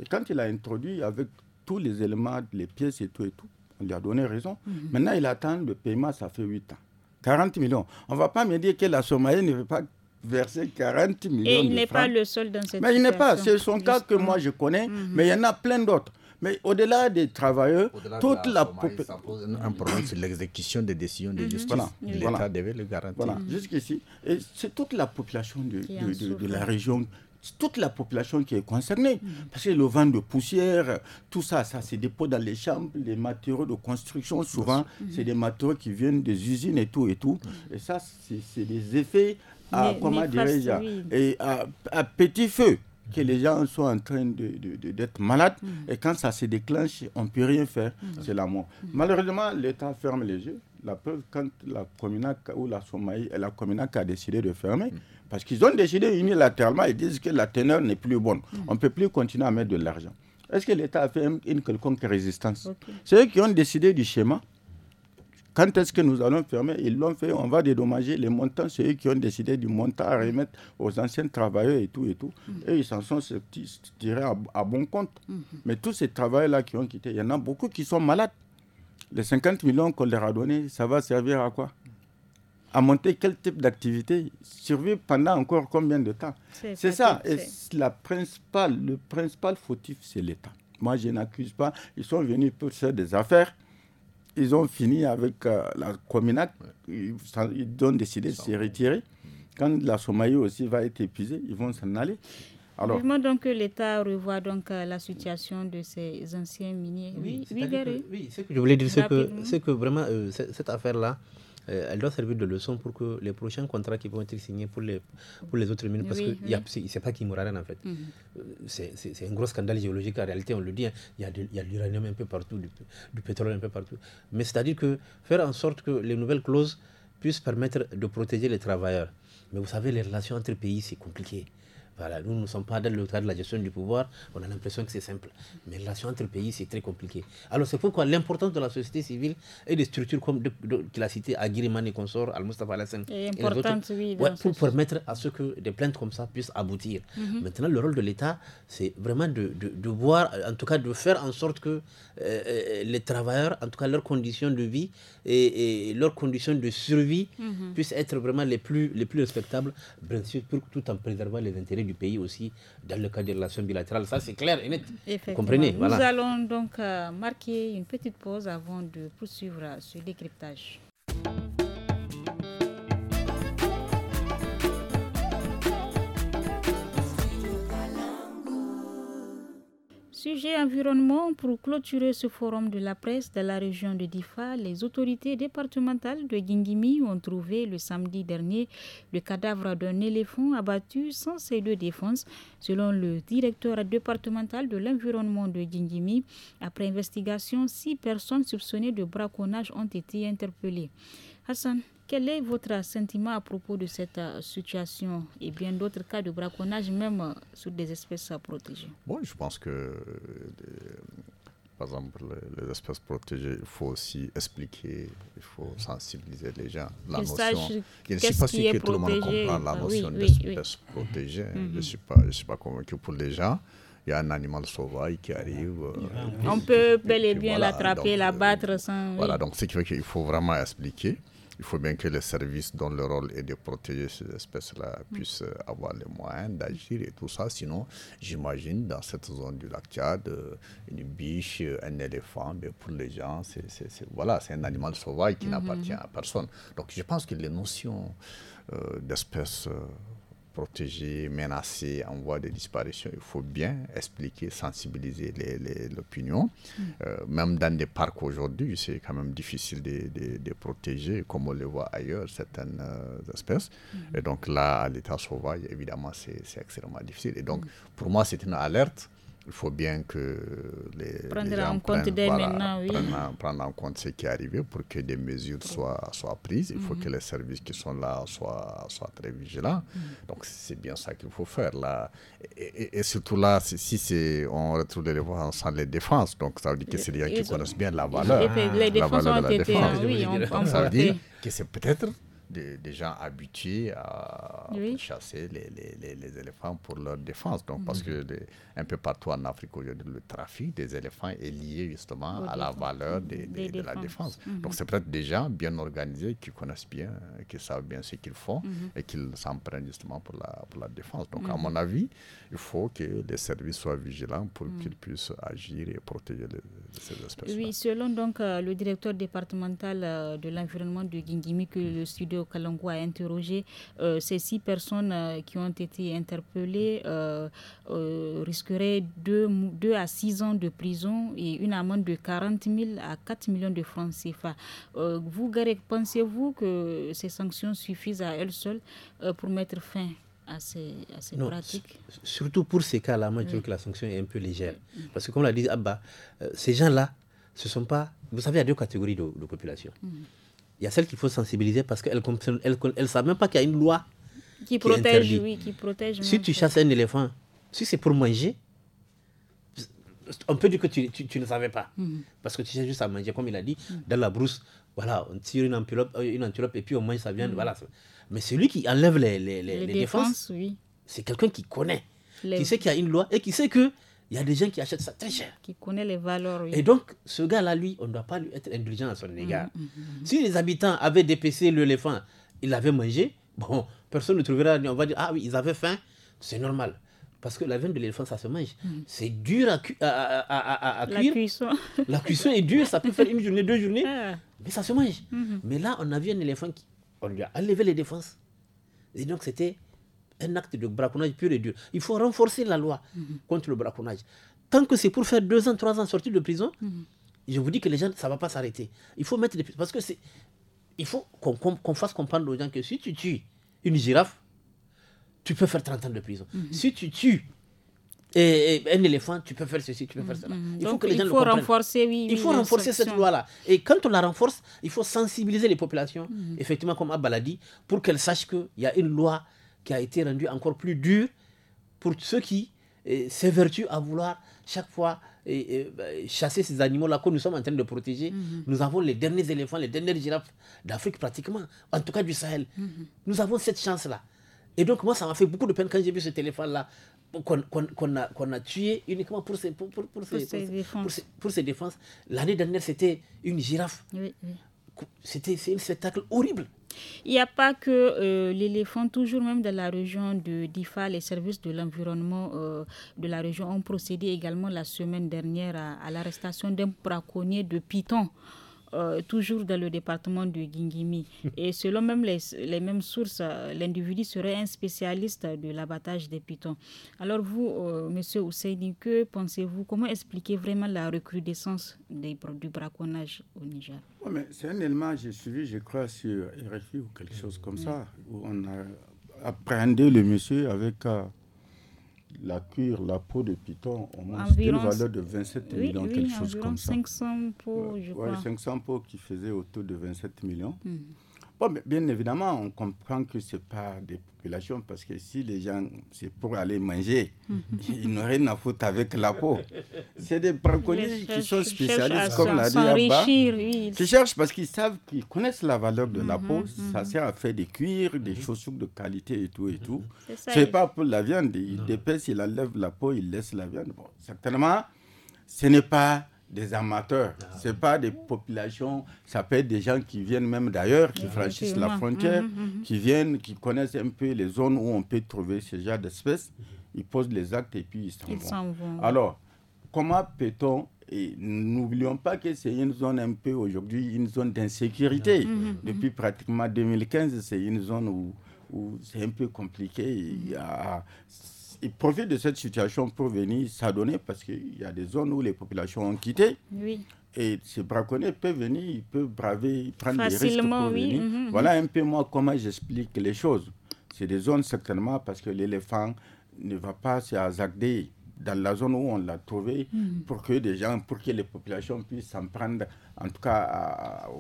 Et quand il a introduit avec tous les éléments, les pièces et tout et tout, on lui a donné raison. Mhm. Maintenant, il attend le paiement, ça fait 8 ans. 40 millions. On ne va pas me dire que la Somalie ne veut pas verser 40 millions. Et il n'est pas le seul dans cette Mais il n'est pas. C'est son cas que moi je connais, mhm. mais il y en a plein d'autres. Mais au-delà des travailleurs, toute la, population. pose un problème sur l'exécution des décisions de mhm. justice. L'État devait le garantir. Voilà, jusqu'ici. Et c'est toute la population de la région toute la population qui est concernée. Parce que le vent de poussière, tout ça, ça se dépose dans les chambres, les matériaux de construction, souvent, c'est des matériaux qui viennent des usines et tout et tout. Mm. Et ça, c'est des effets à, comment et à, petit feu que les gens sont en train d'être de, malades mm. et quand ça se déclenche, on ne peut rien faire. Mm. C'est la mort. Malheureusement, l'État ferme les yeux. La preuve, quand la commune ou la la a décidé de fermer, parce qu'ils ont décidé unilatéralement, ils disent que la teneur n'est plus bonne. On ne peut plus continuer à mettre de l'argent. Est-ce que l'État a fait une quelconque résistance C'est eux qui ont décidé du schéma. Quand est-ce que nous allons fermer Ils l'ont fait, on va dédommager les montants. C'est eux qui ont décidé du montant à remettre aux anciens travailleurs et tout et tout. Mm. Et ils s'en sont tirés à, bon compte. Mm-hmm. Mais tous ces travailleurs-là qui ont quitté, il y en a beaucoup qui sont malades. Les 50 millions qu'on leur a donnés, ça va servir à quoi à monter quel type d'activité, survivre pendant encore combien de temps. C'est ça. Et la principale, le principal fautif, c'est l'État. Moi, je n'accuse pas. Ils sont venus pour faire des affaires. Ils ont fini avec euh, la Cominac. Ils, ont décidé de se retirer. Mm. Quand la Somalie aussi va être épuisée, ils vont s'en aller. Alors, Vivement donc que l'État revoit donc euh, la situation de ces anciens miniers. Oui, oui, que je voulais dire, c'est que, que, vraiment euh, cette affaire-là, euh, elle doit servir de leçon pour que les prochains contrats qui vont être signés pour les, pour les autres mines, parce oui, que oui. c'est pas mourra rien en fait. Mhm. Euh, c'est un gros scandale géologique en réalité, on le dit, hein. il y a de, l'uranium un peu partout, du, du, pétrole un peu partout. Mais c'est-à-dire que faire en sorte que les nouvelles clauses puissent permettre de protéger les travailleurs. Mais vous savez, les relations entre pays, c'est compliqué nous ne sommes pas dans le cadre de la gestion du pouvoir, on a l'impression que c'est simple. Mais la relation entre pays, c'est très compliqué. Alors c'est pourquoi l'importance de la société civile et des structures comme de, de, la cité Agiriman et consort, Al-Mustafa al pour permettre à ce que des plaintes comme ça puissent aboutir. Mhm. Maintenant, le rôle de l'État, c'est vraiment de, voir, en tout cas de faire en sorte que euh, euh, les travailleurs, en tout cas leurs conditions de vie et, leurs conditions de survie mhm. puissent être vraiment les plus, les plus respectables, bien tout en préservant les intérêts du du pays aussi dans le cadre des relations bilatérales. Ça, c'est clair et net. comprenez Nous allons donc euh, marquer une petite pause avant de poursuivre ce décryptage. Sujet environnement pour clôturer ce forum de la presse de la région de Difa, les autorités départementales de Gingimi ont trouvé le samedi dernier le cadavre d'un éléphant abattu sans ses deux défenses, selon le directeur départemental de l'environnement de Gingimi. Après investigation, six personnes soupçonnées de braconnage ont été interpellées quel est votre sentiment à propos de cette euh, situation et bien d'autres cas de braconnage, même euh, sur des espèces euh, protégées Bon, je pense que, par exemple, les, espèces protégées, il faut aussi expliquer, il faut sensibiliser les gens. La notion, je ne suis pas sûr que tout le monde comprend la ah notion des espèces protégées. Je ne mhm. suis, pas, convaincu pour les gens il y a un animal sauvage qui arrive. On peut bel et bien l'attraper, l'abattre sans. Voilà, donc ce qui qu'il faut vraiment expliquer il faut bien que les services dont le rôle est de protéger ces espèces-là puissent avoir les moyens d'agir et tout ça. Sinon, j'imagine dans cette zone du lac Tchad, euh, une biche, euh, un éléphant, ben, pour les gens, c'est, voilà, c'est un animal sauvage qui mm-hmm. n'appartient à personne. Donc je pense que les notions euh, d'espèces protéger menacés, en voie de disparition. Il faut bien expliquer, sensibiliser l'opinion. Mm. Euh, même dans des parcs aujourd'hui, c'est quand même difficile de, de, protéger, comme on le voit ailleurs, certaines euh, espèces. Mm. Et donc là, à l'état sauvage, évidemment, c'est extrêmement difficile. Et donc, mm. pour moi, c'est une alerte il faut bien que les, prendre gens en compte prennent, en compte ce qui est arrivé pour que des mesures soient, soient prises. Il faut mhm. que les services qui sont là soient, soient très vigilants. Mhm. Donc c'est bien ça qu'il faut faire là. Et, surtout là, si, on retrouve les défenses sans les défenses, donc ça veut dire que c'est des gens qui connaissent bien la valeur. les défenses ont été, oui, ça veut dire que c'est peut-être des, gens habitués à chasser les, les, les, éléphants pour leur défense. Donc, parce que les, mhm. un peu partout en Afrique aujourd'hui, le trafic des éléphants est lié justement à la valeur de la défense. Mhm. Donc, c'est peut-être des gens bien organisés qui connaissent bien, qui savent bien ce qu'ils font mhm. et qui s'en prennent justement pour la, pour la défense. Donc, à mon avis, il faut que les services soient vigilants pour qu'ils puissent agir et protéger ces espèces. Oui, selon donc euh, le directeur départemental euh, de l'environnement de Gingimi, que le studio au a interrogé euh, ces six personnes euh, qui ont été interpellées euh, risqueraient deux, à six ans de prison et une amende de 40 000 à 4 millions de francs CFA. vous, Garek, pensez-vous que ces sanctions suffisent à elles seules pour mettre fin à ces, à pratiques Surtout pour ces cas-là, moi, je trouve que la sanction est un peu légère. Parce que, comme l'a dit Abba, ces gens-là, ce sont pas. Vous savez, il y a deux catégories de, population. Mm il y a celles qu'il faut sensibiliser parce qu'elles ne elles, savent même pas qu'il y a une loi qui, protège. oui, qui protège si tu chasses un éléphant, si c'est pour manger, on peut dire que tu, ne savais pas. Hmm. Parce que tu chasses juste à manger, comme il a dit, dans la brousse, voilà, on tire une antilope, euh, une et puis au moins ça vient hmm. voilà. Mais celui qui enlève les, les, défenses, oui. c'est quelqu'un qui connaît, qui sait qu'il y a une loi et qui sait que il y a des gens qui achètent ça très cher. Qui connaît les valeurs, Et donc, ce gars-là, lui, on ne doit pas lui être indulgent à son mm, égard. Mm, mm, si les habitants avaient dépêché l'éléphant, il l'avait mangé, bon, personne ne trouvera, on va dire, ah oui, ils avaient faim, c'est normal. Parce que la veine de l'éléphant, ça se mange. C'est dur à, cuire. la Cuisson. La cuisson. est dure, ça peut faire une journée, deux journées, ah. mais ça se mange. Mm-hmm. Mais là, on a vu un éléphant qui, on lui a enlevé les défenses. Et donc, c'était un acte de braconnage pur et dur. Il faut renforcer la loi mhm. contre le braconnage. Tant que c'est pour faire deux ans, trois ans sortir de prison, mhm. je vous dis que les gens, ça ne va pas s'arrêter. Il faut mettre des... Parce que c'est... Il faut qu'on, fasse comprendre aux gens que si tu tues une girafe, tu peux faire 30 ans de prison. Mhm. Si tu tues eh, eh, un éléphant, tu peux faire ceci, tu peux faire cela. Il faut que les gens le comprennent. Renforcer, oui, il faut renforcer cette loi-là. Et quand on la renforce, il faut sensibiliser les populations, effectivement, comme Abba l'a dit, pour qu'elles sachent qu'il y a une loi qui a été rendu encore plus dur pour ceux qui eh, s'évertuent à vouloir chaque fois eh, eh, bah, chasser ces animaux-là que nous sommes en train de protéger. Mhm. Nous avons les derniers éléphants, les dernières girafes d'Afrique pratiquement, en tout cas du Sahel. Mhm. Nous avons cette chance-là. Et donc moi, ça m'a fait beaucoup de peine quand j'ai vu ce téléphone-là qu'on a, tué uniquement pour ses, pour, défenses. pour défenses. L'année dernière, c'était une girafe. Oui, C'était un spectacle horrible. Il n'y a pas que euh, l'éléphant, toujours même dans la région de DIFA, les services de l'environnement euh, de la région ont procédé également la semaine dernière à, à l'arrestation d'un braconnier de python euh, toujours dans le département de Gingimi. Et selon même les, les mêmes sources, euh, l'individu serait un spécialiste de l'abattage des pitons. Alors vous, euh, Monsieur Ousseini, que pensez-vous Comment expliquer vraiment la recrudescence des, du braconnage au Niger C'est un élément j'ai suivi, je crois, sur RFI ou quelque chose comme ça, où on a appréhendé le monsieur avec la cuir, la peau de python, on a une valeur de 27 millions, quelque chose comme 500 ça. 500 peaux, je ouais, crois. 500 peaux qui faisaient autour de 27 millions. Hmm. Bon, bien évidemment, on comprend que ce n'est pas des populations, parce que si les gens, c'est pour aller manger, mhm. ils n'ont rien à foutre avec la peau. C'est des braconniers qui sont spécialistes, comme l'a dit Abba, qui cherchent parce qu'ils savent, qu'ils connaissent la valeur de la mhm, peau. Mhm. Ça sert à faire des cuirs, des chaussures de qualité et tout, et tout. Ce n'est pas pour la viande. Il dépaisse, il enlève la peau, il laisse la viande. certainement, ce n'est pas des amateurs. ce ah. c'est pas des populations, ça peut être des gens qui viennent même d'ailleurs, qui ah, franchissent la frontière, mm, mm, mm, qui viennent, qui connaissent un peu les zones où on peut trouver ce genre d'espèces. Ils posent les actes et puis ils s'en vont. Alors, comment peut-on et n'oublions pas que c'est une zone un peu aujourd'hui, une zone d'insécurité. Depuis pratiquement 2015, c'est une zone où, où c'est un peu compliqué. Il y a, il profite de cette situation pour venir s'adonner parce qu'il y a des zones où les populations ont quitté. Et ces braconniers peuvent venir, ils peuvent braver, prendre des risques pour oui. venir. Mhm, voilà mhm. un peu moi comment j'explique les choses. C'est des zones certainement parce que l'éléphant ne va pas se hasarder dans la zone où on l'a trouvé hmm. pour que des gens, pour que les populations puissent s'en prendre, en tout cas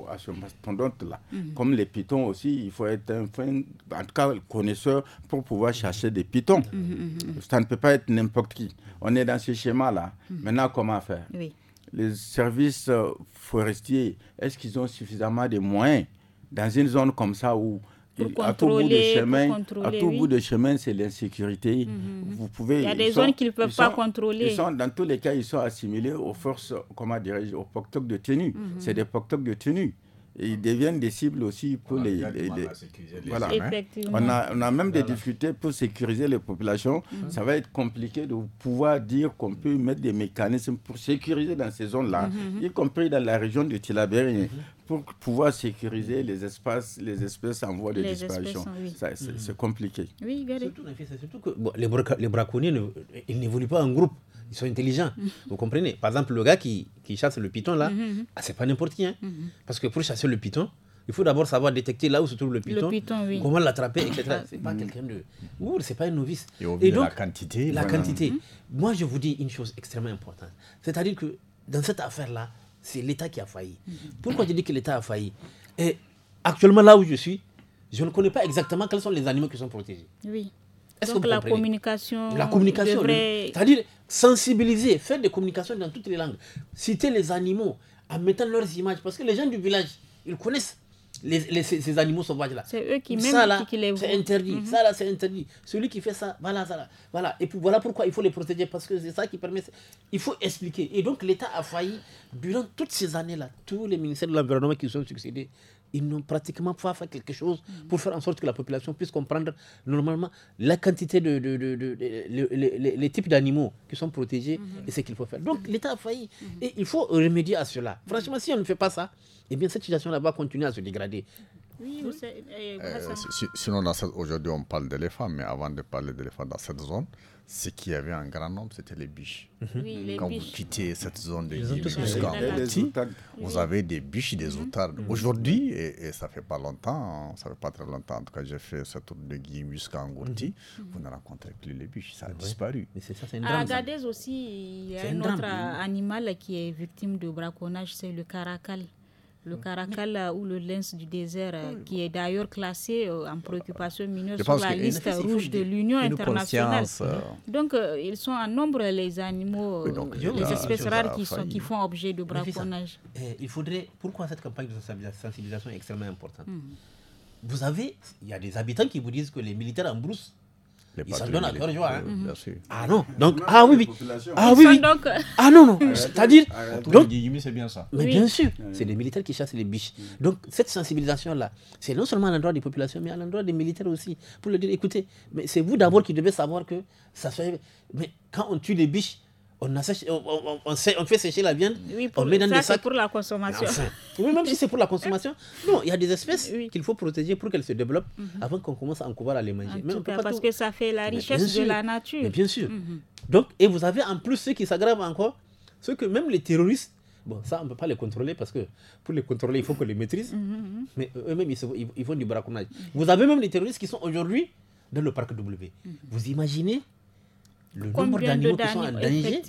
à, ce mastodonte-là. Hmm. Comme les pitons aussi, il faut être un en tout cas connaisseur pour pouvoir chercher des pitons. Hmm, ça ne peut pas être n'importe qui. On est dans ce schéma-là. Maintenant, comment faire Les services euh, forestiers, est-ce qu'ils ont suffisamment de moyens dans une zone comme ça où à tout bout de chemin, à tout bout de chemin, c'est l'insécurité. Mhm. Vous pouvez. Il y a des gens zones qu'ils ne peuvent pas contrôler. dans tous les cas, ils sont assimilés aux forces, comment dirais-je, aux de tenue. Mhm. C'est des POCTOC de tenue ils deviennent des cibles aussi pour les. voilà. On a, on a même des difficultés pour sécuriser les populations. Mhm. Ça va être compliqué de pouvoir dire qu'on peut mettre des mécanismes pour sécuriser dans ces zones-là, mhm, mhm. y compris dans la région de Tilabéry, pour pouvoir sécuriser les espaces, les espèces en voie de disparition. C'est compliqué. Oui, surtout que les, braconniers, ils n'évoluent pas en groupe. Ils sont intelligents. Mm-hmm. Vous comprenez Par exemple, le gars qui, chasse le python, là, mm-hmm. ah, c'est pas n'importe qui. Hein. Mm-hmm. Parce que pour chasser le python, il faut d'abord savoir détecter là où se trouve le python, comment l'attraper, etc. Ah, c'est pas quelqu'un de. ouh c'est pas un novice. Et, donc, la quantité. La quantité. Moi, je vous dis une chose extrêmement importante. C'est-à-dire que dans cette affaire-là, c'est l'État qui a failli. Pourquoi je dis que l'État a failli Et actuellement, là où je suis, je ne connais pas exactement quels sont les animaux qui sont protégés. Oui. Donc la communication, la communication. Devrait... C'est-à-dire sensibiliser, faire des communications dans toutes les langues. Citer les animaux en mettant leurs images. Parce que les gens du village, ils connaissent ces, animaux sauvages-là. C'est eux qui même les C'est interdit. Mhm. Ça, là, c'est interdit. Celui qui fait ça, voilà, ça, Voilà. Et voilà pourquoi il faut les protéger. Parce que c'est ça qui permet. Il faut expliquer. Et donc, l'État a failli, durant toutes ces années-là, tous les ministères de l'Environnement qui se sont succédés, ils n'ont pratiquement pas fait quelque chose pour faire en sorte que la population puisse comprendre normalement la quantité de, de, les, types d'animaux qui sont protégés mhm. et ce qu'il faut faire. Donc mhm. l'État a failli mhm. et il faut remédier à cela. Franchement, si on ne fait pas ça, eh bien cette situation là va continuer à se dégrader. Oui, euh, sinon, aujourd'hui, on parle d'éléphants, mais avant de parler d'éléphants dans cette zone, ce qu'il y avait en grand nombre, c'était les biches. Mhm. Quand vous quittez cette zone de jusqu'en vous avez des biches et des mhm. outardes. Mhm. Aujourd'hui, et, ça fait pas longtemps, hein, ça fait pas très longtemps, en tout cas, j'ai fait cette tour de Guillaume jusqu'en Gourti, vous ne rencontrez plus les biches, ça a ah disparu. Mais à aussi, il y a un autre animal qui est victime de braconnage, c'est le caracal le mm. caracal ou le lynx du désert, euh, qui est d'ailleurs classé euh, en préoccupation mineure sur la liste rouge de l'Union internationale. Donc, euh, ils sont en nombre les animaux, les espèces rares qui, sont, qui font objet de braconnage. Eh, il faudrait. Pourquoi cette campagne de sensibilisation est extrêmement importante hmm. Vous avez, il y a des habitants qui vous disent que les militaires en brousse ils s'en donnent à joie. Ah non. Donc, ah oui, oui. Ah non, non. C'est-à-dire. c'est bien ça. Mais bien sûr, c'est les militaires qui chassent les biches. Donc, cette sensibilisation-là, c'est non seulement à l'endroit des populations, mais à l'endroit des militaires aussi. Pour leur dire, écoutez, mais c'est vous d'abord qui devez savoir que ça fait, Mais quand on tue les biches, on, fait sécher la viande, oui, on met dans des sacs. pour la consommation. même si c'est pour la consommation. Non, il y a des espèces qu'il faut protéger pour qu'elles se développent mhm. avant qu'on commence à en à les manger. parce que ça fait la richesse de la nature. bien sûr. Mhm. Donc, et vous avez en plus ce qui s'aggrave encore, ceux que même les terroristes, bon, ça, on ne peut pas les contrôler parce que pour les contrôler, il faut qu'on les maîtrise. Mhm, Mais eux-mêmes, ils, ils, ils, font du braconnage. Vous avez même les terroristes qui sont aujourd'hui dans le parc W. Vous imaginez le nombre d'animaux qui sont en danger,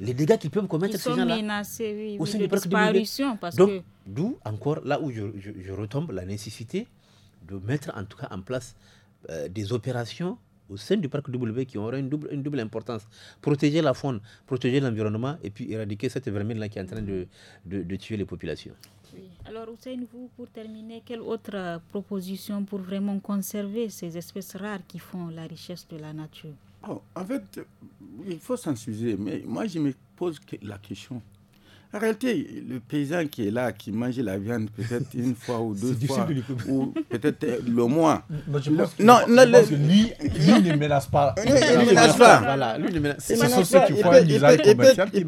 les dégâts qu'ils peuvent commettre, sont sont au sein du d'où encore là où je, retombe la nécessité de mettre en tout cas en place euh, des opérations au sein du parc W qui auraient une double, une double importance. Protéger la faune, protéger l'environnement et puis éradiquer cette vermine-là qui est en train de, tuer les populations. Alors, Hussein, vous, pour terminer, quelle autre euh, proposition pour vraiment conserver ces espèces rares qui font la richesse de la nature Oh, en fait, il faut sensibiliser, mais moi je me pose la question. En réalité, le paysan qui est là, qui mange la viande peut-être une fois ou deux fois, ou peut-être le mois. Non, que, lui, lui ne menace pas. Lui, ne menace pas. Voilà, ce sont ceux qui font un commercial. Qui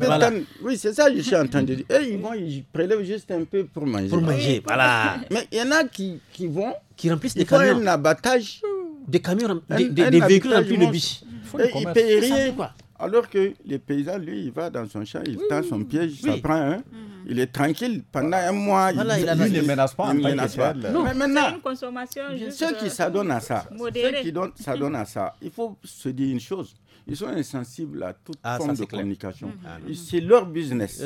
Oui, c'est ça que je suis entendu dire. Et eh, ils vont, prélèvent juste un peu pour manger. Pour manger, voilà. Mais il y en a qui, qui vont, qui remplissent des camions. un abattage. Des camions, des, véhicules remplis de biches. Il et Alors que le paysan, lui, il va dans son champ, il tend son piège, il ça prend un. Mhm. Il est tranquille pendant un mois. il, ne menace pas. Il menace pas. Mais maintenant, ceux qui euh, s'adonnent à ça, ceux qui donnent, s'adonnent à ça, il faut se dire une chose ils sont insensibles à toute ah, forme de communication. Mhm. Ah, c'est leur business.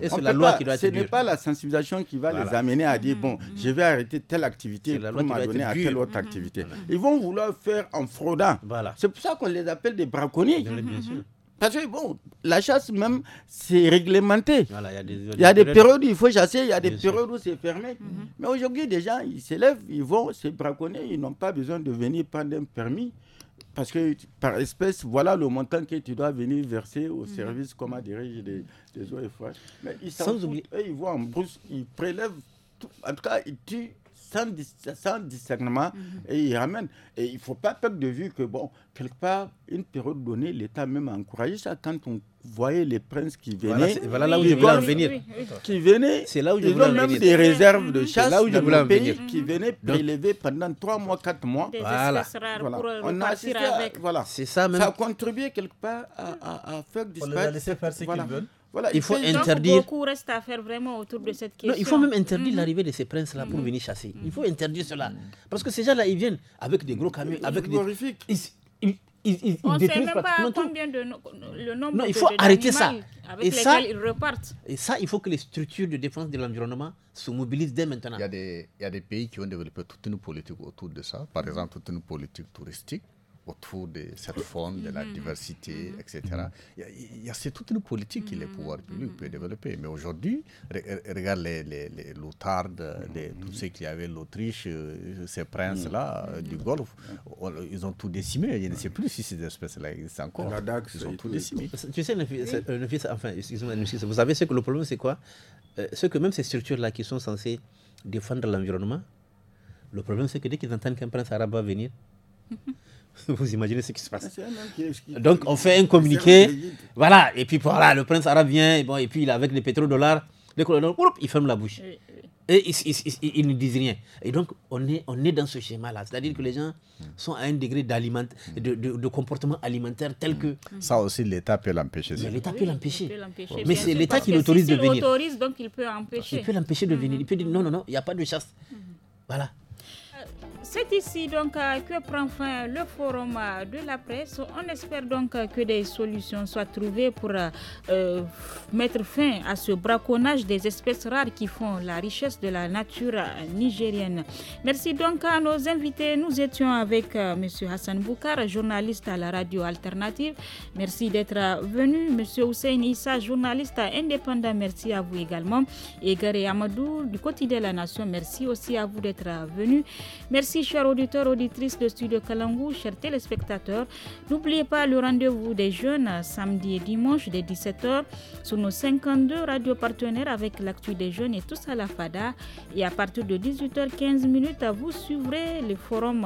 Et c'est la loi qui doit Ce n'est pas la sensibilisation qui va les amener à dire mhm. bon, mhm. je vais arrêter telle activité pour m'adonner à telle autre activité. Ils vont vouloir faire en fraudant. Voilà. C'est pour ça qu'on les appelle des braconniers. Bien sûr. Parce que bon, la chasse même, c'est réglementé. il y a des, périodes où il faut chasser, il y a des périodes où c'est fermé. Mais aujourd'hui, déjà, ils s'élèvent, ils vont se braconner, ils n'ont pas besoin de venir prendre un permis parce que par espèce, voilà le montant que tu dois venir verser au mhm. service, mmh. comment dirais-je, des, des OFH. Mais ils s'en ils voient en brousse, ils prélèvent, tout, en tout cas, ils tuent sans, sans discernement mhm. et il ramène. Et il ne faut pas perdre de vue que, bon, quelque part, une période donnée, l'État même a encouragé ça quand on voyait les princes qui venaient. Voilà, voilà là où je voulais en venir. Qui venaient. C'est là où je voulais en venir. même des réserves de mhm. chasse là où je voulais en venir. qui mhm. venaient prélever pendant 3 mois, 4 mois. voilà. voilà. Euh, on a Voilà. C'est ça même. Ça a contribué quelque part à, à, à faire disparaître. On les a laissé faire ce qu'ils veulent il faut interdire. il faut même interdire mm-hmm. l'arrivée de ces princes-là pour mm-hmm. venir chasser. Il mm-hmm. faut interdire cela. Parce que ces gens-là, ils viennent avec des gros camions, avec des. Ils, ils, ils, On ne sait même pas combien de le nombre non, il faut arrêter ça. Avec et ça, ils repartent. Et ça, il faut que les structures de défense de l'environnement se mobilisent dès maintenant. Il y, a des, il y, a des, pays qui ont développé toute une politique autour de ça. Par exemple, toute une politique touristique autour de cette forme de la mm-hmm. diversité, mm-hmm. etc. Il y, a, c'est toute une politique que les mm-hmm. pouvoirs publics peuvent développer. Mais aujourd'hui, regarde les, les, les qui tout ce avait, l'Autriche, euh, ces princes-là euh, du Golfe, ils ont tout décimé. Je ne sais plus si ces espèces-là existent encore. ils ont tout décimé. Tu sais, euh, enfin, vous savez ce que le problème, c'est quoi Ce que même ces structures-là qui sont censées défendre l'environnement, le problème, c'est que dès qu'ils entendent qu'un prince arabe va venir, Vous imaginez ce qui se passe. Hein, donc on fait un communiqué, voilà, et puis voilà, le prince arabe vient, et, bon, et puis avec les pétrodollars, les il ferme la bouche. Et ils, ne disent rien. Et donc, on est, on est dans ce schéma-là. C'est-à-dire que les gens sont à un degré de, comportement alimentaire tel que. Mm. Ça aussi, l'État peut l'empêcher. L'État peut l'empêcher. Mais c'est l'État qui l'autorise de venir. donc il peut empêcher. Il peut l'empêcher de venir. Mm-hmm. Il peut dire mm-hmm. non, non, non, il n'y a pas de chasse. Mm-hmm. Voilà. C'est ici donc euh, que prend fin le forum euh, de la presse. On espère donc que des solutions soient trouvées pour euh, mettre fin à ce braconnage des espèces rares qui font la richesse de la nature nigérienne. Merci donc à nos invités. Nous étions avec M. Hassan Boukar, journaliste à la radio alternative. Merci d'être venu. M. Hussein Issa, journaliste indépendant. Merci à vous également. Et Gary Amadou du quotidien La Nation. Merci aussi à vous d'être venu. Merci Merci, chers auditeurs, auditrices de Studio Kalangou, chers téléspectateurs. N'oubliez pas le rendez-vous des jeunes samedi et dimanche dès 17h sur nos 52 radios partenaires avec l'actu des jeunes et tous à la FADA. Et à partir de 18h15 vous suivrez le forum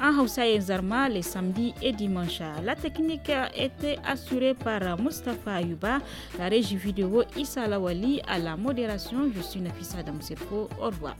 en Hausa et Zarma les samedis et dimanches. La technique a été assurée par Mustafa Ayuba, la régie vidéo Issa Lawali à la modération. Je suis Nafisa Damsepo. Au revoir.